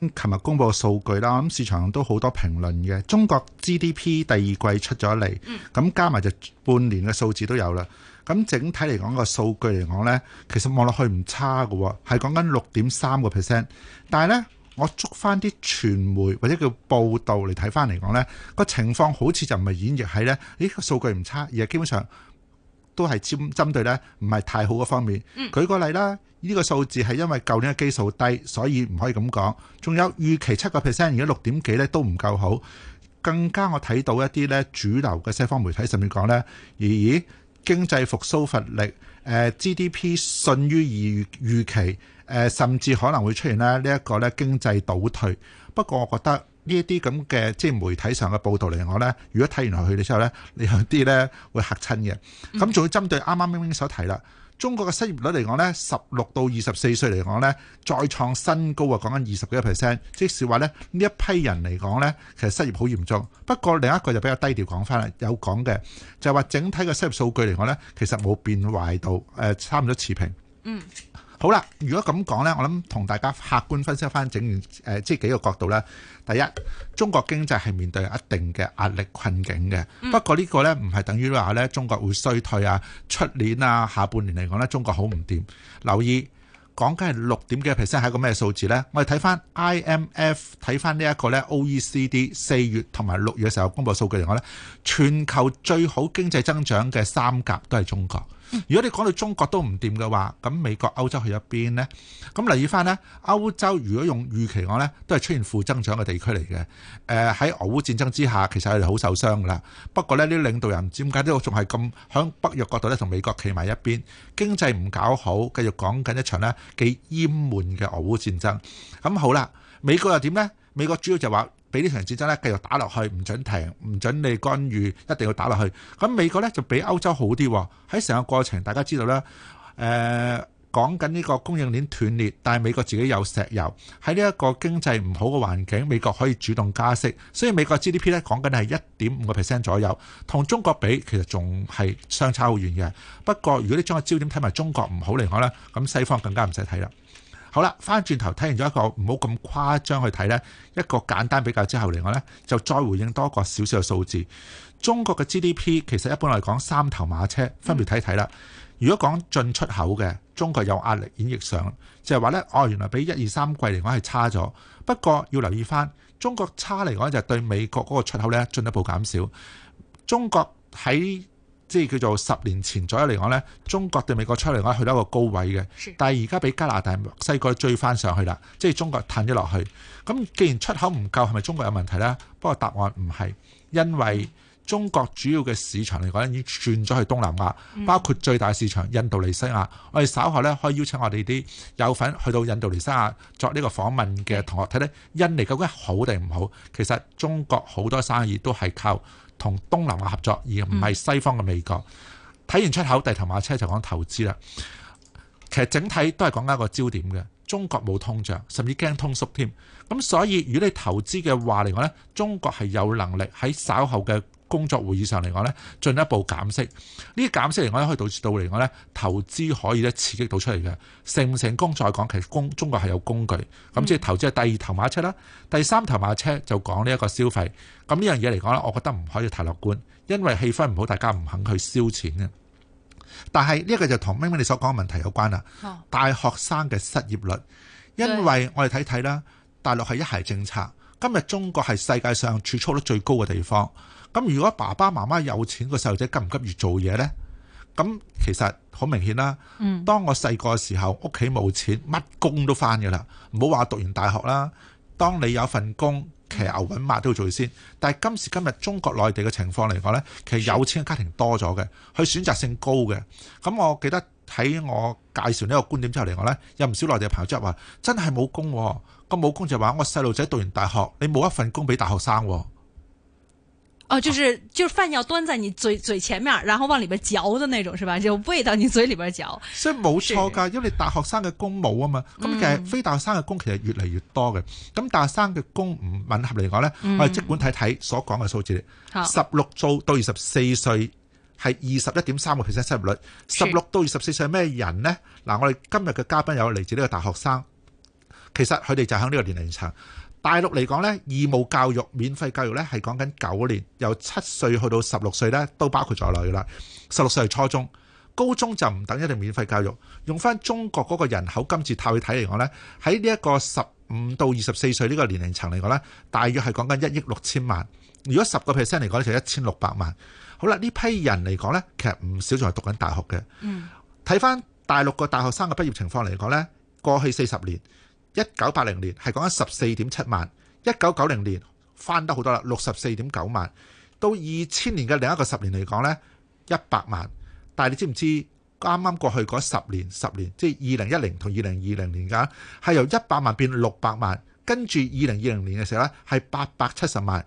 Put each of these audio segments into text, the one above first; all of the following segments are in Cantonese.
咁琴日公布嘅數據啦，咁市場都好多評論嘅。中國 GDP 第二季出咗嚟，咁加埋就半年嘅數字都有啦。咁整體嚟講個數據嚟講咧，其實望落去唔差嘅，係講緊六點三個 percent。但係咧，我捉翻啲傳媒或者叫報導嚟睇翻嚟講咧，個情況好似就唔係演繹係咧，呢個、哎、數據唔差，而係基本上。都係針針對咧，唔係太好嗰方面。舉個例啦，呢、這個數字係因為舊年嘅基數低，所以唔可以咁講。仲有預期七個 percent，而家六點幾咧都唔夠好。更加我睇到一啲咧主流嘅西方媒體，上面講咧而以經濟復蘇乏力，誒 GDP 遜於預期，誒甚至可能會出現咧呢一個咧經濟倒退。不過我覺得。呢一啲咁嘅即係媒體上嘅報道嚟講呢，如果睇完落去之後呢，你有啲呢會嚇親嘅。咁仲要針對啱啱明明所提啦，中國嘅失業率嚟講呢，十六到二十四歲嚟講呢，再創新高啊！講緊二十幾個 percent，即是話呢，呢一批人嚟講呢，其實失業好嚴重。不過另一個就比較低調講翻啦，有講嘅就係話整體嘅失業數據嚟講呢，其實冇變壞到，誒差唔多持平。嗯。好啦，如果咁講呢，我諗同大家客觀分析翻整誒、呃，即係幾個角度呢。第一，中國經濟係面對一定嘅壓力困境嘅。不過呢個呢，唔係等於話呢中國會衰退啊、出年啊、下半年嚟講呢，中國好唔掂。留意講緊係六點幾 percent 係一個咩數字呢？我哋睇翻 IMF，睇翻呢一個呢 OECD 四月同埋六月嘅時候公布數據嚟講呢，全球最好經濟增長嘅三甲都係中國。如果你講到中國都唔掂嘅話，咁美國、歐洲去咗邊呢？咁留意翻呢，歐洲如果用預期講呢，都係出現負增長嘅地區嚟嘅。誒、呃、喺俄烏戰爭之下，其實佢哋好受傷噶啦。不過呢啲領導人點解都仲係咁響北約角度咧，同美國企埋一邊，經濟唔搞好，繼續講緊一場呢幾厭悶嘅俄烏戰爭。咁好啦，美國又點呢？美國主要就話，俾呢場戰爭咧繼續打落去，唔准停，唔准你干預，一定要打落去。咁美國咧就比歐洲好啲喎。喺成個過程，大家知道啦，誒、呃、講緊呢個供應鏈斷裂，但係美國自己有石油，喺呢一個經濟唔好嘅環境，美國可以主動加息。所以美國 GDP 咧講緊係一點五個 percent 左右，同中國比其實仲係相差好遠嘅。不過如果你將個焦點睇埋中國唔好嚟講咧，咁西方更加唔使睇啦。好啦，翻轉頭睇完咗一個唔好咁誇張去睇呢一個簡單比較之後嚟講呢，就再回應多個少少嘅數字。中國嘅 GDP 其實一般嚟講三頭馬車分別睇一睇啦。嗯、如果講進出口嘅中國有壓力演繹，演繹上就係、是、話呢：哦原來比一二三季嚟講係差咗。不過要留意翻，中國差嚟講就係對美國嗰個出口呢進一步減少。中國喺即係叫做十年前左右嚟講呢，中國對美國出嚟講去到一個高位嘅。的但係而家俾加拿大、墨西哥追翻上去啦。即係中國褪咗落去。咁既然出口唔夠，係咪中國有問題呢？不過答案唔係，因為中國主要嘅市場嚟講已經轉咗去東南亞，包括最大市場印度尼西亞。嗯、我哋稍後呢可以邀請我哋啲有份去到印度尼西亞作呢個訪問嘅同學睇呢，看看印尼究竟好定唔好？其實中國好多生意都係靠。同東南亞合作，而唔係西方嘅美國。睇、嗯、完出口地頭馬車就講投資啦。其實整體都係講緊一個焦點嘅，中國冇通脹，甚至驚通縮添。咁所以，如果你投資嘅話嚟講呢，中國係有能力喺稍後嘅。工作會議上嚟講呢，進一步減息，呢啲減息嚟講咧，可以導致到嚟講呢，投資可以咧刺激到出嚟嘅，成唔成功再講。其實中中國係有工具，咁即係投資係第二頭馬車啦，第三頭馬車就講呢一個消費。咁呢樣嘢嚟講呢，我覺得唔可以太樂觀，因為氣氛唔好，大家唔肯去燒錢嘅。但係呢一個就同明明你所講嘅問題有關啦。大學生嘅失業率，因為我哋睇睇啦，大陸係一孩政策。今日中國係世界上儲蓄率最高嘅地方。咁如果爸爸媽媽有錢，個細路仔急唔急住做嘢呢？咁其實好明顯啦。嗯、當我細個嘅時候，屋企冇錢，乜工都翻噶啦。唔好話讀完大學啦。當你有份工，騎牛揾馬都要做先。但係今時今日中國內地嘅情況嚟講呢，其實有錢嘅家庭多咗嘅，佢選擇性高嘅。咁我記得。睇我介紹呢個觀點之後嚟講呢，有唔少內地嘅朋友即係話：真係冇工、哦，個冇工就話我細路仔讀完大學，你冇一份工俾大學生喎、哦。哦、啊，就是就是飯要端在你嘴嘴前面，然後往裏邊嚼嘅，那種，是吧？就喂到你嘴裏邊嚼。所以冇錯㗎，是因為大學生嘅工冇啊嘛，咁其實非大學生嘅工其實越嚟越多嘅，咁、嗯、大學生嘅工唔吻合嚟講呢，嗯、我哋即管睇睇所講嘅數字，十六做到二十四歲，係二十一點三個 percent 失業率，十六到二十四歲係咩人呢？嗱，我哋今日嘅嘉賓有嚟自呢個大學生，其實佢哋就喺呢個年齡層。大陸嚟講呢，義務教育、免費教育呢，係講緊九年，由七歲去到十六歲呢，都包括在內噶啦。十六歲係初中，高中就唔等一定免費教育。用翻中國嗰個人口金字塔去睇嚟講呢，喺呢一個十五到二十四歲呢個年齡層嚟講呢，大約係講緊一億六千萬。如果十個 percent 嚟講就一千六百萬。好啦，呢批人嚟講呢，其實唔少仲係讀緊大學嘅。睇翻大陸個大學生嘅畢業情況嚟講呢，過去四十年，一九八零年係講緊十四點七萬，一九九零年翻得好多啦，六十四點九萬。到二千年嘅另一個十年嚟講呢，一百萬。但係你知唔知啱啱過去嗰十年十年，即係二零一零同二零二零年嘅係由一百萬變六百萬，跟住二零二零年嘅時候呢，係八百七十萬。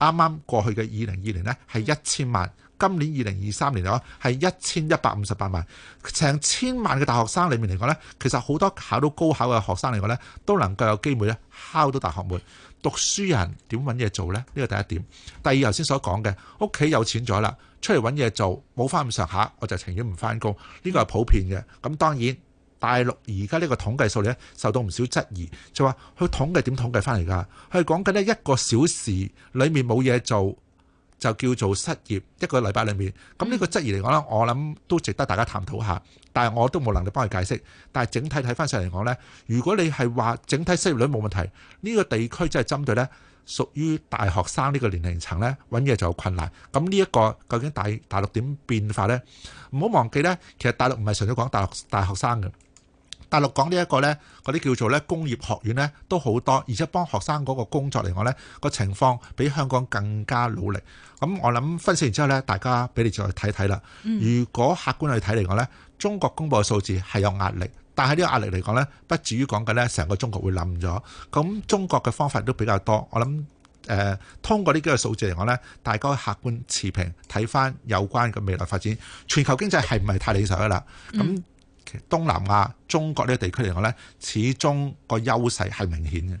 啱啱過去嘅二零二零呢，係一千萬，今年二零二三年嚟講係一千一百五十八萬，成千萬嘅大學生裡面嚟講呢，其實好多考到高考嘅學生嚟講呢，都能夠有機會咧敲到大學門。讀書人點揾嘢做呢？呢個第一點。第二，頭先所講嘅，屋企有錢咗啦，出嚟揾嘢做冇返咁上下，我就情願唔返工。呢、呢個係普遍嘅。咁當然。大陸而家呢個統計數字咧，受到唔少質疑，就話佢統計點統計翻嚟㗎？佢係講緊咧一個小時裡面冇嘢做，就叫做失業。一個禮拜裡面，咁呢個質疑嚟講咧，我諗都值得大家探討下。但係我都冇能力幫佢解釋。但係整體睇翻上嚟講咧，如果你係話整體失業率冇問題，呢個地區即係針對咧屬於大學生呢個年齡層咧揾嘢就有困難。咁呢一個究竟大大陸點變化咧？唔好忘記咧，其實大陸唔係純粹講大學大學生㗎。大陸講呢、這、一個呢嗰啲叫做呢工業學院呢都好多，而且幫學生嗰個工作嚟講呢個情況比香港更加努力。咁我諗分析完之後呢，大家俾你再睇睇啦。如果客觀去睇嚟講呢，中國公布嘅數字係有壓力，但係呢個壓力嚟講呢，不至於講緊呢成個中國會冧咗。咁中國嘅方法都比較多。我諗誒、呃，通過呢幾個數字嚟講呢，大家可以客觀持平睇翻有關嘅未來發展。全球經濟係唔係太理想噶啦？咁其實東南亞中國呢個地區嚟講呢，始終個優勢係明顯嘅。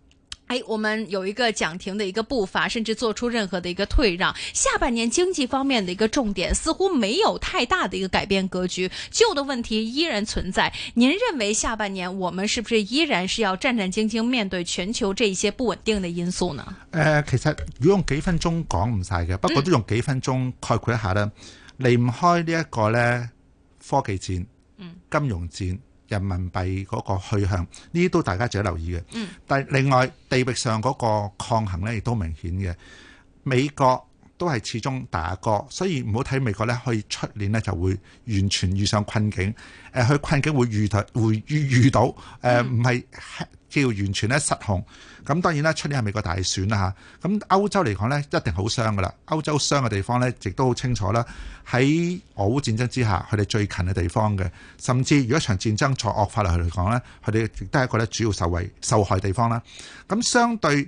哎，我們有一個講停的一個步伐，甚至做出任何的一個退讓。下半年經濟方面的一個重點似乎沒有太大的一個改變格局，舊的問題依然存在。您認為下半年我們是不是依然是要戰戰兢兢面對全球這些不穩定的因素呢？誒，呃，其實如果用幾分鐘講唔晒嘅，不過都用幾分鐘概括一下咧，嗯，離唔開呢一個呢科技戰，嗯，金融戰。人民幣嗰個去向，呢啲都大家值得留意嘅。但係另外地域上嗰個抗衡咧，亦都明顯嘅。美國都係始終打過，所以唔好睇美國咧，可以出年咧就會完全遇上困境。誒，佢困境會遇就會遇遇到誒，唔係，叫完全咧失控，咁當然啦，出年係美國大選啦嚇，咁歐洲嚟講呢，一定好傷噶啦，歐洲傷嘅地方呢，亦都好清楚啦。喺俄烏戰爭之下，佢哋最近嘅地方嘅，甚至如果場戰爭再惡化落去嚟講呢，佢哋亦都係一個咧主要受惠受害地方啦。咁相對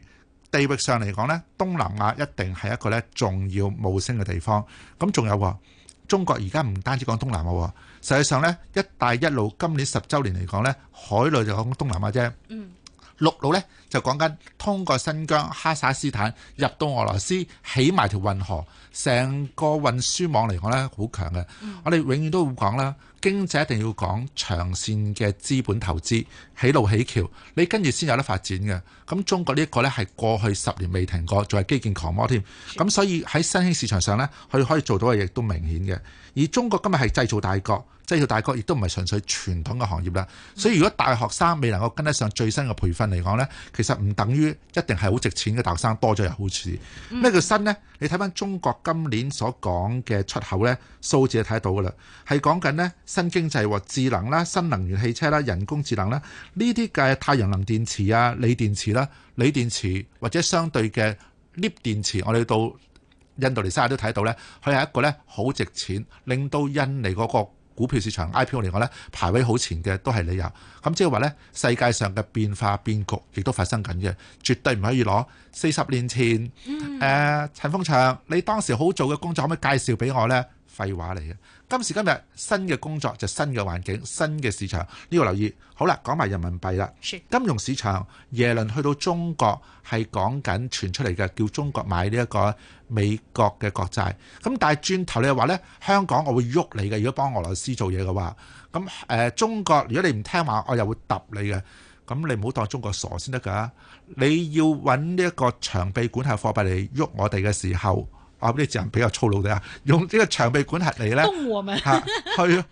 地域上嚟講呢，東南亞一定係一個咧重要冒升嘅地方。咁仲有中國，而家唔單止講東南亞。實際上咧，一帶一路今年十週年嚟講咧，海路就講東南亞啫。嗯、陸路咧就講緊通過新疆、哈薩斯坦入到俄羅斯起埋條運河，成個運輸網嚟講咧好強嘅。嗯、我哋永遠都會講啦。經濟一定要講長線嘅資本投資，起路起橋，你跟住先有得發展嘅。咁中國呢一個呢，係過去十年未停過，仲係基建狂魔添。咁所以喺新興市場上呢，佢可以做到嘅嘢都明顯嘅。而中國今日係製造大國，製造大國亦都唔係純粹傳統嘅行業啦。所以如果大學生未能夠跟得上最新嘅培訓嚟講呢，其實唔等於一定係好值錢嘅大學生多咗又好似咩叫新呢？你睇翻中國今年所講嘅出口呢，數字就睇得到㗎啦，係講緊呢。新經濟或智能啦，新能源汽車啦，人工智能啦，呢啲嘅太陽能電池啊、鋰電池啦、鋰電池或者相對嘅鋁電池，我哋到印度尼西亞都睇到呢，佢係一個呢好值錢，令到印尼嗰個股票市場 IPO 嚟講呢，排位好前嘅都係理由。咁即係話呢，世界上嘅變化變局亦都發生緊嘅，絕對唔可以攞。四十年前，誒、嗯呃、陳鳳翔，你當時好做嘅工作可唔可以介紹俾我呢？廢話嚟嘅，今時今日新嘅工作就新嘅環境、新嘅市場，呢個留意。好啦，講埋人民幣啦，是金融市場。耶倫去到中國係講緊傳出嚟嘅，叫中國買呢一個美國嘅國債。咁但係轉頭你又話咧，香港我會喐你嘅，如果幫俄羅斯做嘢嘅話。咁誒，中國如果你唔聽話，我又會揼你嘅。咁你唔好當中國傻先得㗎。你要揾呢一個長臂管轄貨幣嚟喐我哋嘅時候。我啲、啊、人比較粗魯啲我 啊！用呢個長臂管轄你咧，去誒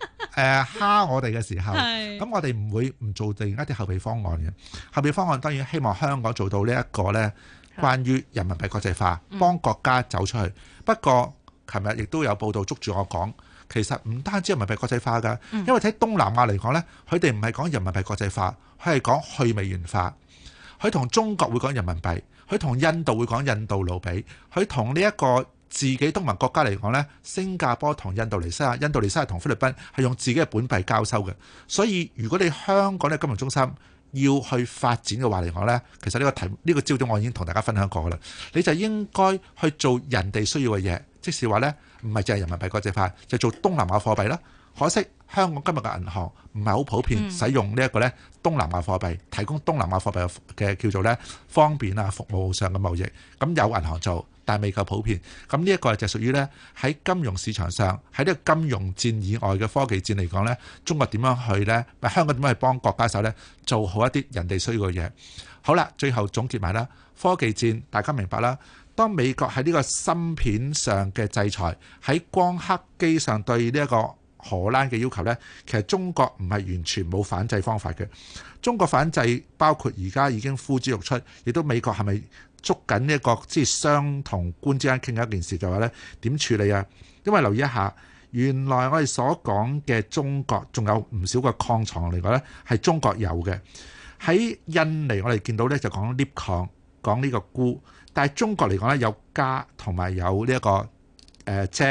蝦我哋嘅時候，咁我哋唔會唔做定一啲後備方案嘅後備方案。當然希望香港做到呢一個呢，關於人民幣國際化，幫國家走出去。不過琴日亦都有報道捉住我講，其實唔單止人民幣國際化嘅，因為喺東南亞嚟講呢，佢哋唔係講人民幣國際化，佢係講去美元化。佢同中國會講人民幣，佢同印度會講印度盧比，佢同呢一個。自己東盟國家嚟講呢，新加坡同印度尼西亞、印度尼西亞同菲律賓係用自己嘅本幣交收嘅。所以如果你香港嘅金融中心要去發展嘅話嚟講呢，其實呢個題呢個焦點我已經同大家分享過啦。你就應該去做人哋需要嘅嘢，即係話呢，唔係淨係人民幣國際化，就做東南亞貨幣啦。可惜香港今日嘅銀行唔係好普遍使用呢一個咧東南亞貨幣、嗯、提供東南亞貨幣嘅叫做咧方便啊，服務上嘅貿易，咁有銀行做，但係未夠普遍。咁呢一個就係屬於喺金融市場上，喺呢個金融戰以外嘅科技戰嚟講呢，中國點樣去呢？香港點樣去幫國家手呢？做好一啲人哋需要嘅嘢。好啦，最後總結埋啦，科技戰大家明白啦。當美國喺呢個芯片上嘅制裁喺光刻機上對呢、這、一個。荷蘭嘅要求呢，其實中國唔係完全冇反制方法嘅。中國反制包括而家已經呼之欲出，亦都美國係咪捉緊呢一個即係商同官之間傾一件事，就話呢，點處理啊？因為留意一下，原來我哋所講嘅中國仲有唔少個礦藏嚟講咧，係中國有嘅。喺印尼我哋見到呢就講鎳礦，講呢個鈷，但係中國嚟講呢，有鎵同埋有呢一個。誒、呃，車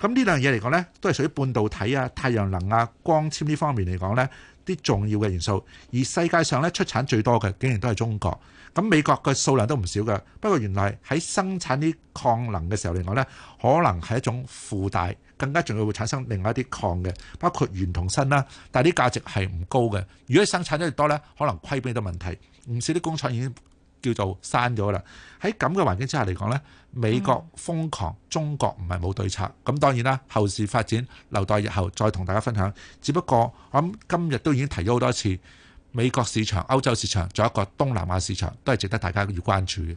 咁呢兩樣嘢嚟講呢，都係屬於半導體啊、太陽能啊、光纖呢方面嚟講呢啲重要嘅元素。而世界上呢，出產最多嘅竟然都係中國，咁美國嘅數量都唔少嘅。不過原來喺生產啲礦能嘅時候，嚟講呢，可能係一種附帶，更加重要會產生另外一啲礦嘅，包括鉛同砷啦、啊。但啲價值係唔高嘅。如果生產得越多呢，可能虧本都問題。唔少啲工廠已經叫做閂咗啦。喺咁嘅環境之下嚟講呢。美國瘋狂，中國唔係冇對策。咁當然啦，後市發展留待日後再同大家分享。只不過我諗今日都已經提咗好多次美國市場、歐洲市場，仲有一個東南亞市場，都係值得大家要關注嘅。